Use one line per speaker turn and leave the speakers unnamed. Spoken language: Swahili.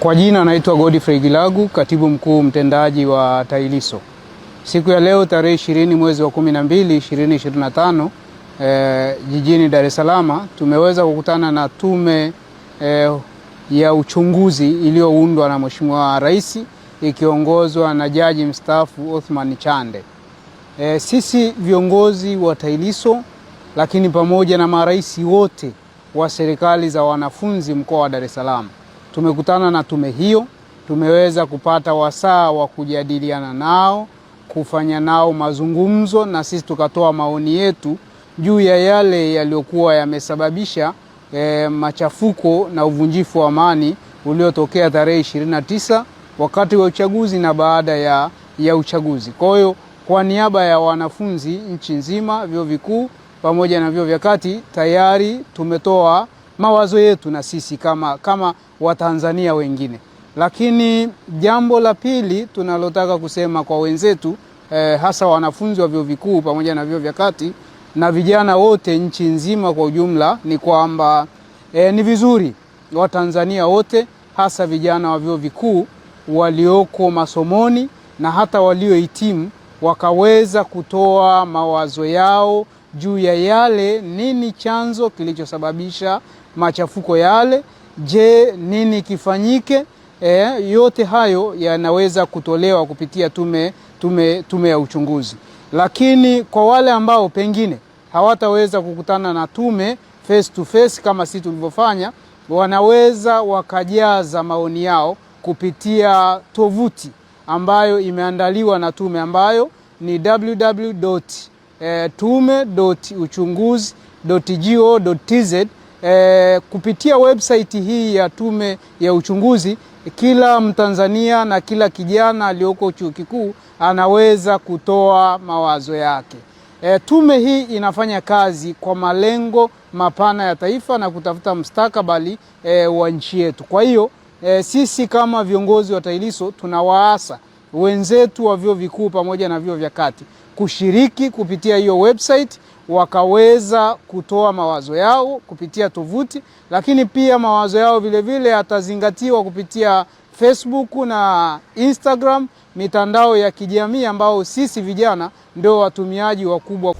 Kwa jina naitwa Godfrey Gilagu, katibu mkuu mtendaji wa TAHLISO. Siku ya leo tarehe 20 mwezi wa 12 2025, e, jijini Dar es Salaam tumeweza kukutana na tume e, ya uchunguzi iliyoundwa na Mheshimiwa Rais ikiongozwa na Jaji mstaafu Othman Chande. E, sisi viongozi wa TAHLISO lakini pamoja na marais wote wa serikali za wanafunzi mkoa wa Dar es Salaam Tumekutana na tume hiyo, tumeweza kupata wasaa wa kujadiliana nao, kufanya nao mazungumzo, na sisi tukatoa maoni yetu juu ya yale yaliyokuwa yamesababisha e, machafuko na uvunjifu wa amani uliotokea tarehe 29 wakati wa uchaguzi na baada ya, ya uchaguzi. Kwa hiyo kwa niaba ya wanafunzi nchi nzima, vyuo vikuu pamoja na vyuo vya kati, tayari tumetoa mawazo yetu na sisi kama, kama Watanzania wengine. Lakini jambo la pili tunalotaka kusema kwa wenzetu eh, hasa wanafunzi wa vyuo vikuu pamoja na vyuo vya kati na vijana wote nchi nzima kwa ujumla ni kwamba eh, ni vizuri Watanzania wote hasa vijana wa vyuo vikuu walioko masomoni na hata waliohitimu wakaweza kutoa mawazo yao juu ya yale, nini chanzo kilichosababisha machafuko yale. Je, nini kifanyike? E, yote hayo yanaweza kutolewa kupitia tume, tume, tume ya uchunguzi. Lakini kwa wale ambao pengine hawataweza kukutana na tume face to face kama sisi tulivyofanya, wanaweza wakajaza maoni yao kupitia tovuti ambayo imeandaliwa na tume ambayo ni www.tume.uchunguzi.go.tz E, kupitia website hii ya Tume ya Uchunguzi, kila Mtanzania na kila kijana aliyoko chuo kikuu anaweza kutoa mawazo yake. E, tume hii inafanya kazi kwa malengo mapana ya taifa na kutafuta mustakabali e, wa nchi yetu. Kwa hiyo e, sisi kama viongozi wa TAHLISO tunawaasa wenzetu wa vyuo vikuu pamoja na vyuo vya kati kushiriki kupitia hiyo website wakaweza kutoa mawazo yao kupitia tovuti, lakini pia mawazo yao vilevile yatazingatiwa kupitia Facebook na Instagram, mitandao ya kijamii ambao sisi vijana ndio watumiaji wakubwa.